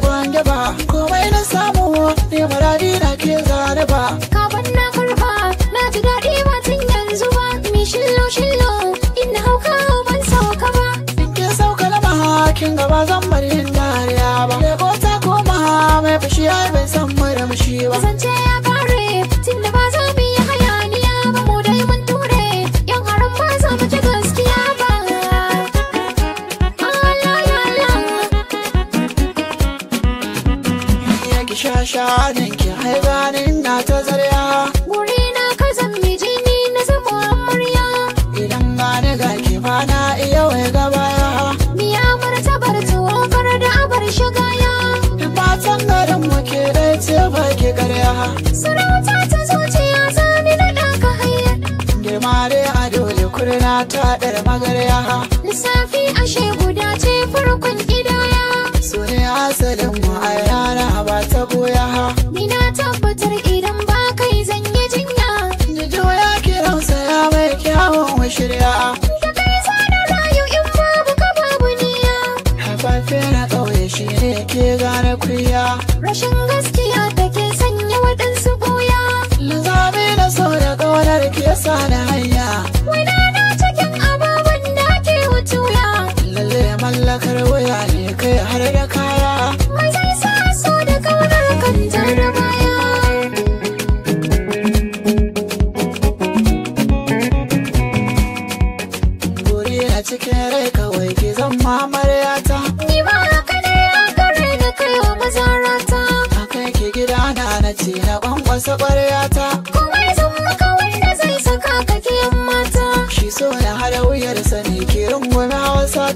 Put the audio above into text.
ban ba komai na samu ne marari na ke zane ba kafin na karba na ji daɗi watan yanzu ba mi shillo shillo inda hauka ban sauka ba ke sauka na mahakin gaba zan bari dariya ba lagos ta koma mai fashi ai bai san murmushi ba zance shashanin ki haibanin na ta zarya wuri na ka jini na zama murya idan gane ga ki ba na iya wai gaba miya marta bar tuwo bar da abar shigaya Matan fatan garin mu ke dai ce ba ki karya sarauta ta zuciya zani na ɗaka hayar girma dai a dole kurna ta ɗar magarya lissafi ashe guda ce farkon idaya su ne asalin shirya a cikin rai kawai ki zama amaryata ni ma haka ne ya gare ni kai wa mazarata akai ki gida na na ce na kwankwasa ƙwaryata kuma zan maka wanda zai saka ka ki mata shi so na hada wuyar sani ki rungume ta.